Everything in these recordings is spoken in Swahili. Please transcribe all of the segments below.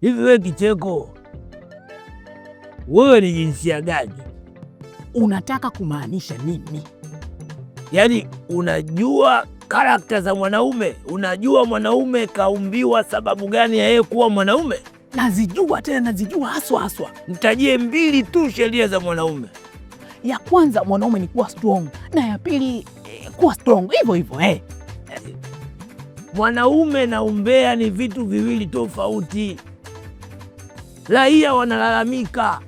Hivi wewe kicheko, wewe ni jinsia gani? Unataka kumaanisha nini? Yaani unajua karakta za mwanaume, unajua mwanaume kaumbiwa sababu gani ya yeye kuwa mwanaume? Nazijua, tena nazijua haswa haswa. Nitajie mbili tu sheria za mwanaume. Ya kwanza mwanaume ni kuwa strong, na ya pili eh, kuwa strong hivyo hivyo eh. Mwanaume na umbea ni vitu viwili tofauti. Raia wanalalamika,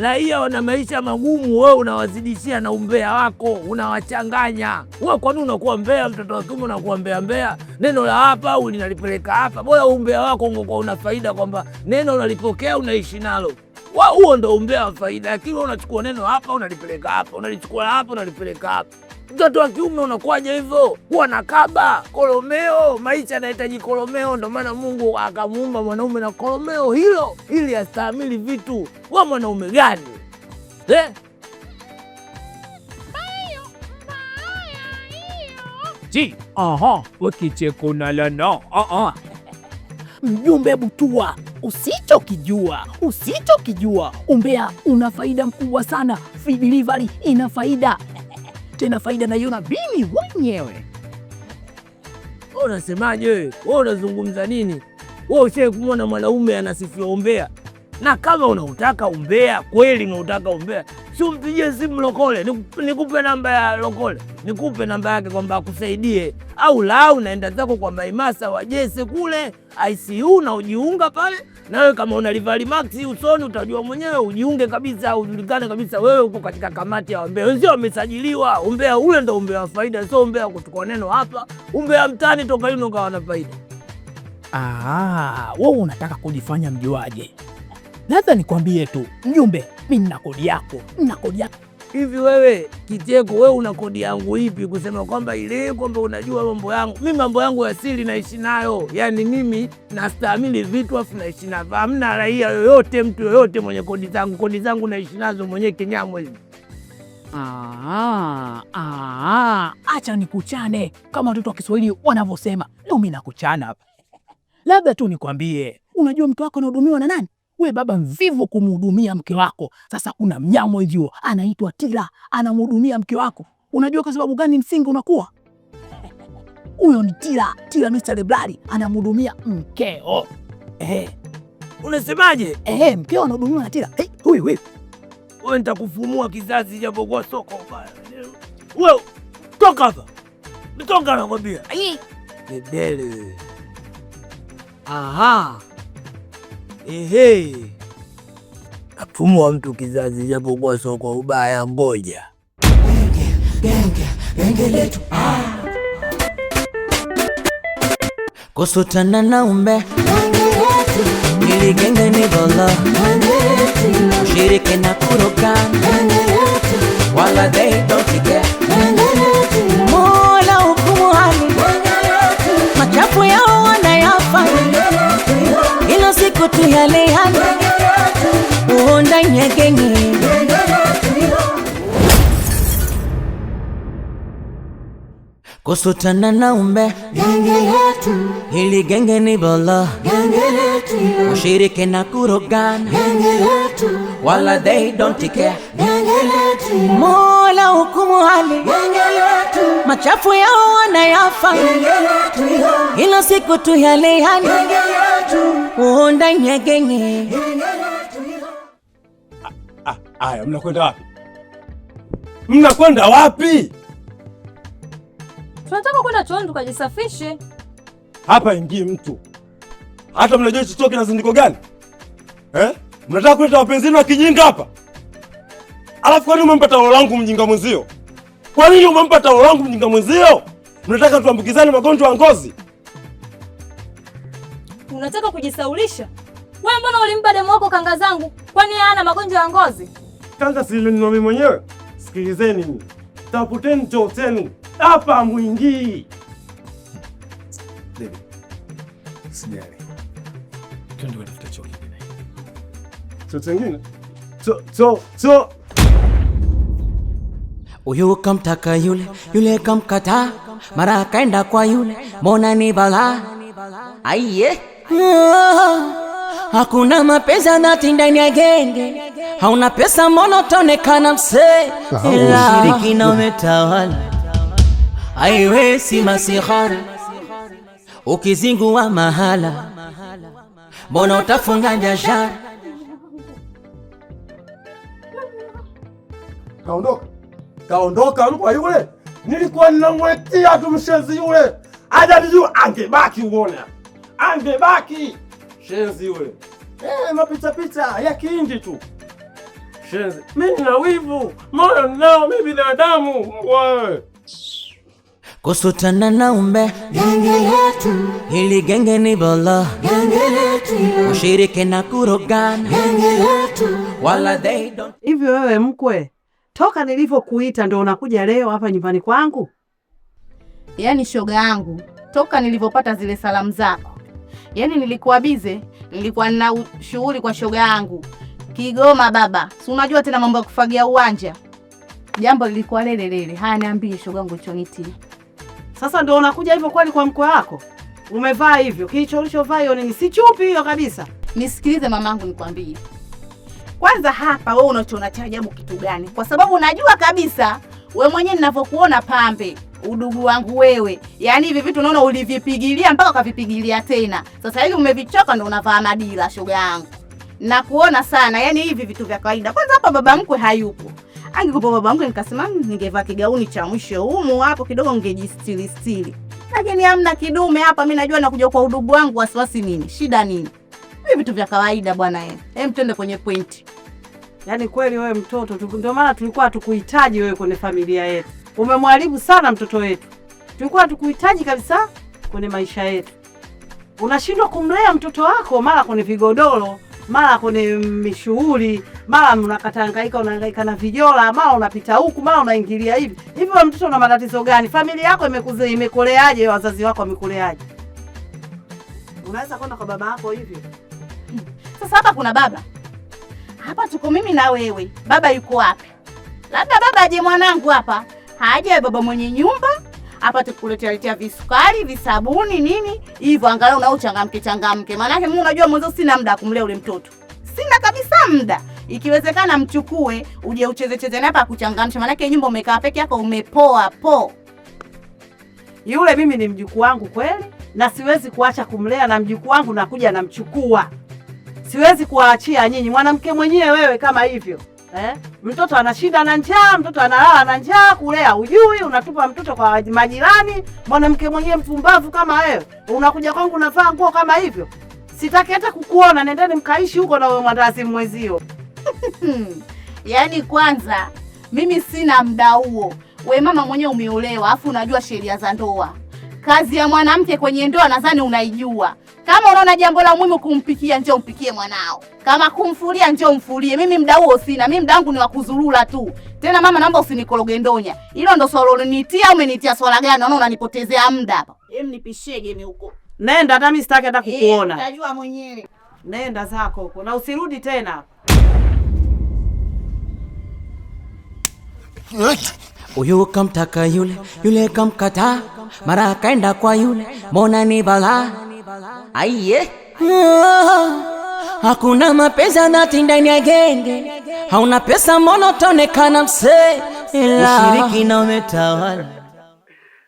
raia wana maisha magumu, wewe unawazidishia na umbea wako, unawachanganya. Wewe kwa nini unakuwa mbea? Mtoto wa kiume unakuwa mbea mbea, neno la hapa au linalipeleka hapa. Bora umbea wako ungekuwa una faida, kwamba neno unalipokea unaishi nalo huo ndo umbea wa faida, lakini unachukua neno hapa unalipeleka hapa, unalichukua hapa unalipeleka hapa mtoto wa kiume unakuwaje hivyo? Kuwa na kaba kolomeo, maisha yanahitaji kolomeo. ndio maana Mungu akamuumba mwanaume na kolomeo hilo ili astahimili vitu. Wa mwanaume gani eh? Si, aha, wakicheko na aha. Mjumbe, butua usichokijua usichokijua, umbea una faida mkubwa sana. Free delivery ina faida tena faida naiona mimi mwenyewe. Unasemaje wewe? Wewe unazungumza nini? Wewe ushae kumwona mwanaume anasifiwa umbea? Na kama unautaka umbea kweli, unautaka umbea, si umpigie simu Lokole, nikupe namba ya Lokole, nikupe namba yake kwamba akusaidie, au la unaenda zako kwa Maimasa wajese kule ICU na ujiunga pale nawe kama una rivali Max usoni utajua mwenyewe, ujiunge kabisa, ujulikane kabisa wewe uko katika kamati ya umbea. Wenzio wamesajiliwa, umbea ule ndo umbea wa faida, sio umbea kutukua neno hapa, umbea mtani toka lino kawa na faida. wewe unataka kujifanya mjuaje? Labda nikwambie tu mjumbe, mi nina kodi yako, nina kodi yako hivi wewe kiteko wewe una kodi yangu ipi kusema kwamba ile kwamba unajua mambo yangu? Mimi mambo yangu ya siri naishi nayo, yaani mimi nastahimili vitu afu naishi navyo. Hamna raia yoyote mtu yoyote mwenye kodi zangu, kodi zangu naishi nazo mwenyewe kinyamo hivi. acha nikuchane kama watoto wa Kiswahili wanavyosema. Leo mimi nakuchana labda tu nikwambie, unajua mtu wako anahudumiwa na nani? we baba mvivu kumhudumia mke wako. Sasa kuna mnyama hivyo anaitwa Tila anamhudumia mke wako. Unajua kwa sababu gani msingi unakuwa huyo? Ni Tila, Tila Mr. Lebrari anamhudumia mkeo. Ehe, unasemaje? Ehe, mkeo anahudumiwa na Tila. Hey, huyu huyu wewe, nitakufumua kizazi, japo soko bana. Wewe toka hapa, nitoka, nakwambia. Bebele. Aha. Ehe, wa mtu kizazi, japokuwa sio kwa ubaya. Ngoja genge genge genge letu kusutana na umbe ili genge ni bolo Shirike na kuruka wala they don't get mola hukumu hali machafu yao kutuyaleana uwo ndani kusutana na umbe genge letu, hili genge ni bolo genge letu, ushirike na kurogana genge letu, wala they don't care genge letu, Mola hukumu hali genge letu, machafu yao wanayafa genge letu, ila siku tu yale genge letu kuonda nyegenge. Ah, ah, Aya, mnakwenda wapi? Mnakwenda wapi? Tunataka kwenda chooni tukajisafishe. Hapa ingii mtu hata mnajua hicho choo zindiko gani eh? Mnataka kuleta wapenzini wa kijinga hapa? Alafu kwani umempa taulo langu mjinga mwenzio? Kwa nini umempa taulo langu mjinga mwenzio? Mnataka tuambukizane magonjwa ya ngozi? Unataka kujisaulisha? Wewe mbona ulimpa demu wako kanga zangu? Kwani ana magonjwa ya ngozi? Kanga si mimi mwenyewe. Sikilizeni, taputeni mtoto wenu hapa mwingii. Sijali. Twende kutafuta choo kingine. Choo kingine? Choo, choo, choo. Huyu kamtaka yule, yule kamkata mara kaenda kwa yule, mbona ni bala Aiye. Ah, hakuna mapenzi dhati ndani ya genge, hauna pesa mbona utaonekana msee. Ushirikina umetawala, aiwe si masihara, ukizingua mahala mbona utafunga biashara. Kaondoka, kaondoka mbwa yule, nilikuwa ninamwetia mshenzi yule, ajalijua angebaki uone angebaki shenzi yule. Eh, mapita pita ya kiindi tu shenzi. Mimi nina wivu moyo nao, mimi binadamu wewe kusutana na umbe genge letu, hili genge ni bolo genge letu, ushirike na kurogana genge letu, wala they don't. Hivyo wewe mkwe, toka nilivyokuita ndo unakuja leo hapa nyumbani kwangu? Yaani shoga yangu, toka nilivyopata zile salamu zako Yaani nilikuwa bize, nilikuwa na shughuli kwa shoga yangu Kigoma baba, si unajua tena mambo ya kufagia uwanja, jambo lilikuwa lele lele. Haya, niambie shoga yangu choniti. sasa. Ndio unakuja hivyo kwani kwa mkoa wako umevaa hivyo? Kilicho ulichovaa hiyo nini? Si chupi hiyo kabisa. Nisikilize mamangu, nikwambie kwanza hapa, wewe unachoona cha ajabu kitu gani? Kwa sababu unajua kabisa wewe mwenyewe ninavyokuona pambe udugu wangu wewe. Yaani hivi vitu unaona ulivipigilia mpaka ukavipigilia tena. Sasa hivi umevichoka ndio unavaa madila shoga yangu. Na kuona sana. Yaani hivi vitu vya kawaida. Kwanza hapa baba mkwe hayupo. Angekupa baba mkwe nikasema hmm, ningevaa kigauni cha mwisho humu hapo kidogo ningejistili stili. Lakini hamna kidume hapa mimi najua nakuja kwa udugu wangu wasiwasi nini? Shida nini? Hivi vitu vya kawaida bwana yeye. Hem, twende kwenye pointi. Yaani kweli wewe mtoto, ndio maana tulikuwa tukuhitaji wewe kwenye familia yetu. Umemwharibu sana mtoto wetu, tulikuwa hatukuhitaji kabisa kwenye maisha yetu. Unashindwa kumlea mtoto wako, mara kwenye vigodoro, mara kwenye mishughuli, mara hangaika, unahangaika na vijola, mara unapita huku, mara unaingilia hivi hivi. mtoto una matatizo gani? Familia yako imekuze, imekuleaje? Wazazi wako wamekuleaje? Unaweza kwenda kwa baba yako hivi? Sasa hapa kuna baba hapa, tuko mimi na wewe. Baba yuko wapi? Labda baba aje mwanangu hapa haja ya baba mwenye nyumba hapa tukuletea visukari visabuni nini hivyo, angalau nao changamke changamke, maanake mimi unajua mwanzo sina muda kumlea ule mtoto, sina kabisa muda. Ikiwezekana mchukue uje ucheze cheze naye hapa kuchangamsha, maanake nyumba umekaa peke yako umepoa po. Yule mimi ni mjukuu wangu kweli, na siwezi kuacha kumlea, na mjukuu wangu nakuja namchukua, siwezi kuwaachia nyinyi. Mwanamke mwenyewe wewe kama hivyo Eh? Mtoto ana shida na njaa, mtoto analala na njaa, kulea ujui, unatupa mtoto kwa majirani. Mwanamke mwenyewe mpumbavu kama wewe, unakuja kwangu unavaa nguo kama hivyo. Sitaki hata kukuona, nendeni mkaishi huko na mwandazi mwezio. Yaani kwanza mimi sina muda huo. We mama mwenyewe umeolewa, afu unajua sheria za ndoa kazi ya mwanamke kwenye ndoa nadhani unaijua. Kama unaona jambo la muhimu kumpikia, njoo mpikie mwanao, kama kumfulia, njoo mfulie. Mimi muda huo sina, mimi muda wangu ni wa kuzurura tu. Tena mama, naomba usinikoroge ndonya. Hilo ndo swala ulonitia. Umenitia swala gani? Naona unanipotezea muda hapa. Hem, nipishie gemi huko, nenda. Hata mimi sitaki hata kukuona, najua mwenyewe. Nenda zako huko na usirudi tena uyu kamtaka yule, yule kamkata mara kaenda kwa yule, mbona ni bala Aiye, ah, hakuna mapenzi dhati ndani ya genge, hauna pesa mbona utaonekana ushiriki na umetawala.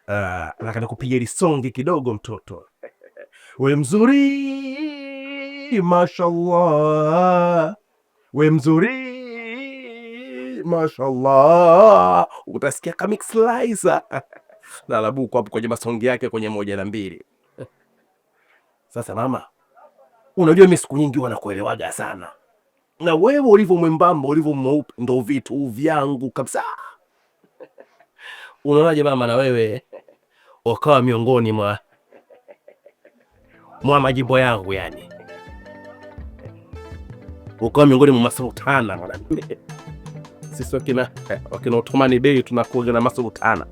Ah, kupiga ile lisongi kidogo mtoto we mzuri, mashallah we mzuri mashallah, utasikia kama slicer Narabuku hapo kwenye masongi yake kwenye moja na mbili. Sasa mama, unajua mimi siku nyingi wanakuelewaga sana, na wewe ulivyo mwembamba ulivyo mweupe ndo vitu vyangu kabisa. Unaonaje mama, na wewe wakawa miongoni mwa mwa majimbo yangu, yani ukawa miongoni mwa masultana mwanamke sisi wakina eh, wakina Othmani Bey tunakuja na masultana.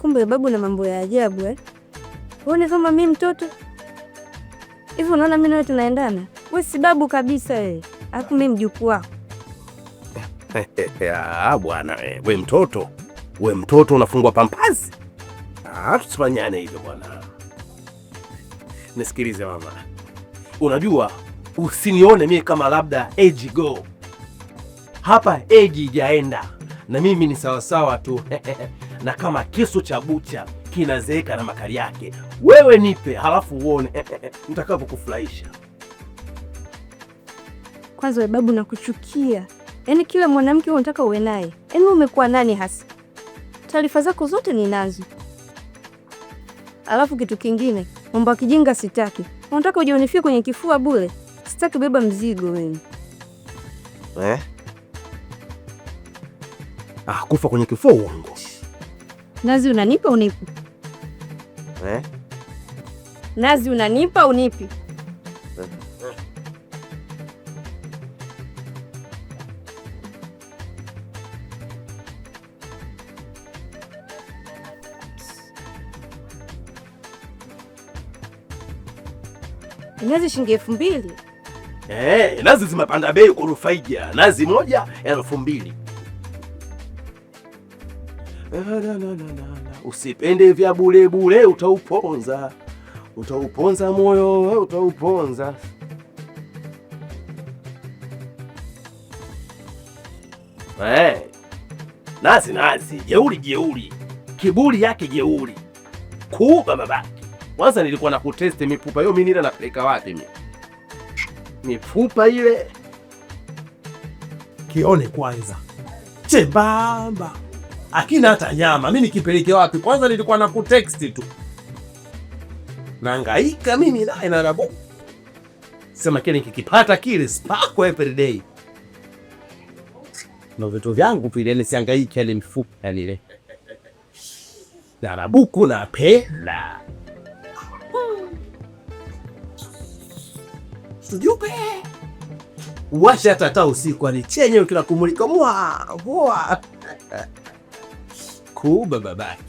Kumbe babu na mambo ya ajabu eh? Uone kama mi mtoto hivi, unaona mi nawe tunaendana? We si babu kabisa eh. alafu mi mjukuu wako ah, bwana. Eh, we mtoto, we mtoto unafungwa pampazi ah, Tusifanyane hivyo bwana. Nisikilize mama, unajua usinione mimi kama labda age go hapa, age ijaenda na mimi ni sawasawa tu na kama kisu cha bucha kinazeeka na makali yake, wewe nipe, halafu uone nitakapokufurahisha. Kwanza we babu, nakuchukia. Yaani kila mwanamke unataka uwe naye, yaani umekuwa nani hasa? Taarifa zako zote ni nazo. Alafu kitu kingine, mambo ya kijinga sitaki. Unataka ujionifie kwenye kifua bure. Sitaki kubeba mzigo wewe. Eh? Ah, kufa kwenye kifua wangu. Nazi unanipa unipi? Eh? Nazi unanipa unipi? Nazi shilingi elfu mbili. Eh, nazi zimepanda bei kurufaija. Nazi moja elfu mbili. Usipende vya bule bule, utauponza utauponza moyo utauponza eh. Nazi nazi, jeuri jeuri, kiburi yake jeuri, kuuba babake. Kwanza nilikuwa na kutesti mipupa hiyo, mimi nila napeleka wapi mimi? mifupa ile kione kwanza chembamba, akina hata nyama. Mi nikipeleke wapi? Kwanza nilikuwa na kutext tu, nangaika mimi naye narabu sema kile nikikipata kile spako every day na vitu vyangu vile, siangaiki ile mifupa ile narabuku na pela tujupe washa tata usiku alichenye kila kumulika mwa mwa kuba babaki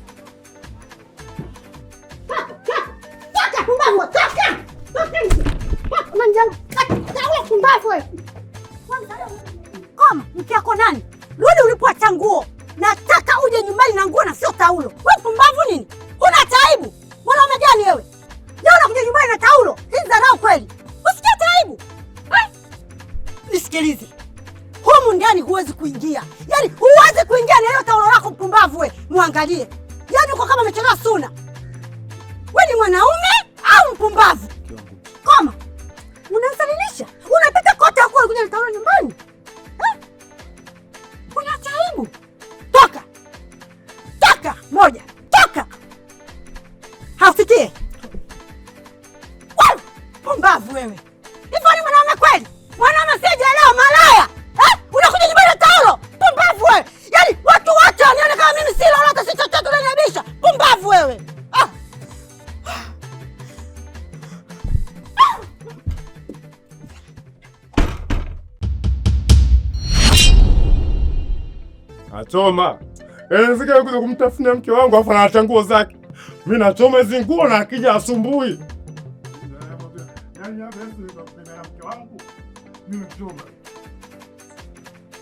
mkiako nani? Rudi ulipoacha nguo. Nataka uje nyumbani na nguo na sio taulo. Wewe pumbavu nini? Una taibu? nisikilize, humu ndani huwezi kuingia, yaani huwezi kuingia na hiyo taulo lako mpumbavu. We mwangalie, yaani uko kama umechelewa suna. We ni mwanaume au mpumbavu? nachoma. Inawezekana kuja kumtafunia mke wangu afu anaacha nguo zake. Mimi nachoma hizo nguo na akija asumbui.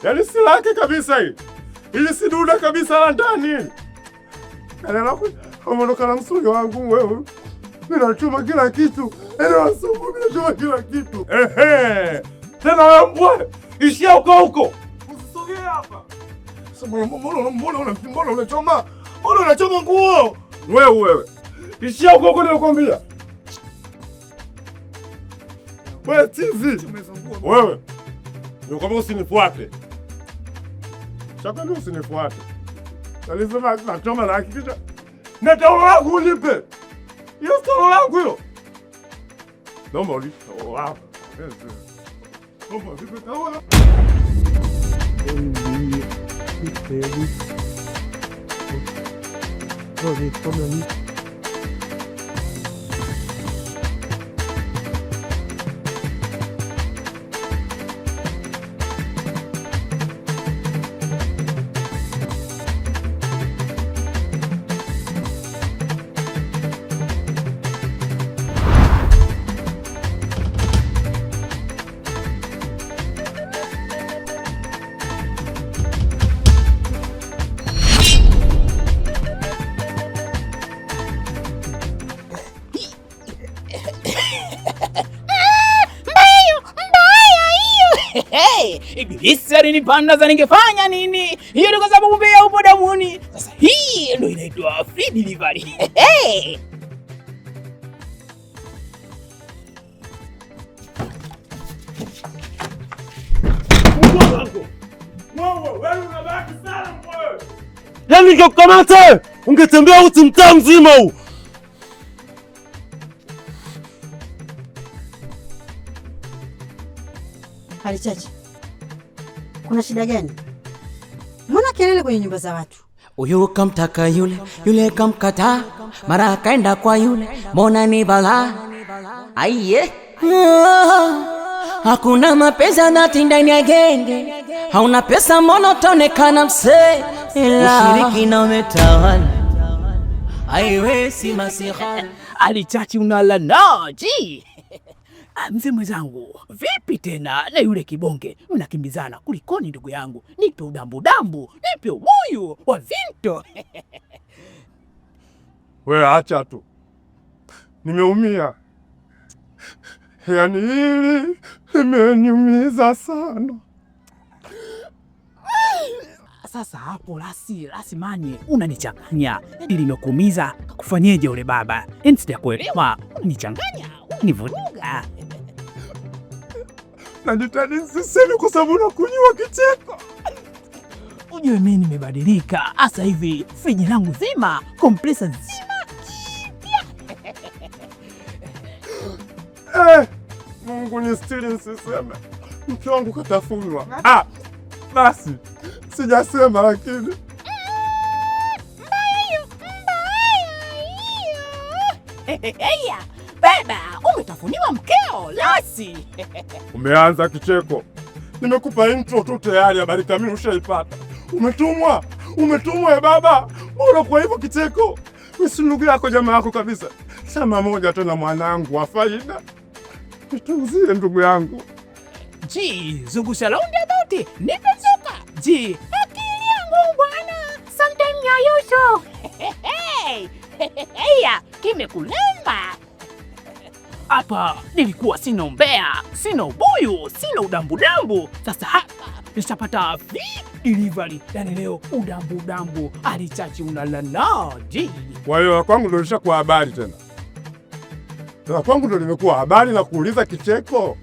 Yaani si lake kabisa hii. Ili si duda kabisa la ndani. Yaani Umeondoka na na msuli wangu wewe. Mimi nachoma kila kitu. Yaani asumbui mimi nachoma kila kitu. Ehe. Tena wewe mbwa. Ishia uko huko. Usisogee hapa. Mbona unachoma? Mbona unachoma nguo? Wewe wewe. Ishia huko huko nilikwambia. Wewe tizi. Wewe. Nilikwambia usinifuate. Chakwambia usinifuate. Alisema nachoma na hakikisha. Na taulo yangu unipe. Hiyo hiyo. Naomba ulipe taulo Ось, ось, ось, ось, ось, Israeli za ningefanya nini? Hiyo ni kwa sababu bea upo damuni. Sasa hii ndio inaitwa free delivery. Yaani ningekukamata ungetembea uti mtaa mzima huu. Halichachi. Kuna shida gani? Mbona kelele kwenye nyumba za watu? Huyu kamtaka yule, yule kamkata mara akaenda kwa yule, mbona ni bala? Aiye, ah, hakuna mapesa nati ndani ya genge, hauna pesa mbona utaonekana msela. na umetawala, aiwe si masiha. Alichachi unalanaji Ah, mzee mwenzangu, vipi tena na yule kibonge mnakimbizana kulikoni? Ndugu yangu, nipe udambudambu, nipe ubuyu wa vinto. We acha tu, nimeumia yani, hili limeniumiza sana. Sasa hapo lasi lasi manye, unanichanganya ili nimekuumiza kufanyeje? Ule baba, yani kuelewa, unanichanganya, unanivuruga najitahidi nisiseme kwa sababu nakunywa kicheko. Ujue mimi nimebadilika hasa hivi, friji langu zima, kompresa zima kipya. Eh, Mungu nistiri nisiseme, mke wangu katafunwa. Ah, basi sijasema lakini eh, mbaya hiyo, mbaya hiyo. Baba, umetafuniwa mkeo lasi. Umeanza kicheko. Nimekupa intro tu tayari, habari kamili ushaipata. Umetumwa, umetumwa ya baba. Bora kwa hivyo kicheko. Misi ndugu yako jamaa yako kabisa. Chama moja tu mwanangu wa faida. Nituuzie ndugu yangu. Ji, zugusha laundi abauti. Nimezuka. Ji, akili yangu bwana. Sometime ya yusho. Hehehe. Hehehe. Kimekulemba hapa nilikuwa sina umbea, sina ubuyu, sina udambudambu. Sasa hapa nishapata delivery, yani leo udambudambu alichachi unalalaji. Kwa hiyo kwangu ndo lishakuwa habari tena, la kwangu ndo limekuwa habari na kuuliza kicheko.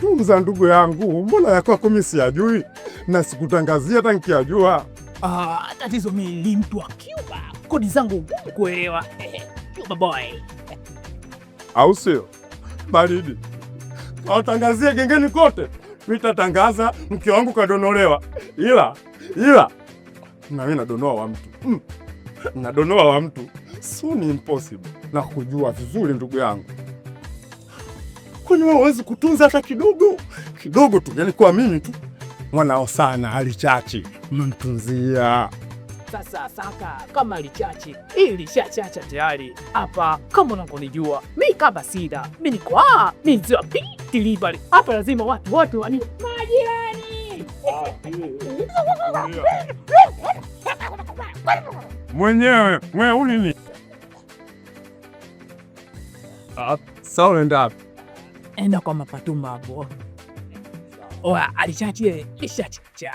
Tunza ndugu yangu, mbona ya kwako mimi siyajui na sikutangazia hata nikiyajua. Ah, tatizo mimi ni mtu wa Cuba, kodi zangu ngumu kuelewa. Cuba boy au sio? Baridi watangazie gengeni kote, mitatangaza mke wangu kadonolewa, ila ila mimi nadonoa wa mtu mm. nadonoa wa mtu ni impossible na kujua vizuri, ndugu yangu, kwani wewe huwezi kutunza hata kidogo kidogo tu? Yani kwa mimi tu mwanao sana alichachi mmemtunzia sasa saka kama lichachi ili shachacha tayari hapa, kama unavyonijua mi kama sida mi ni kwa miziwa delivery hapa, lazima watu wote wani majirani mwenyewe mweunini ah, sa unaenda enda kwa mapatuma hapo, alichachi lishachacha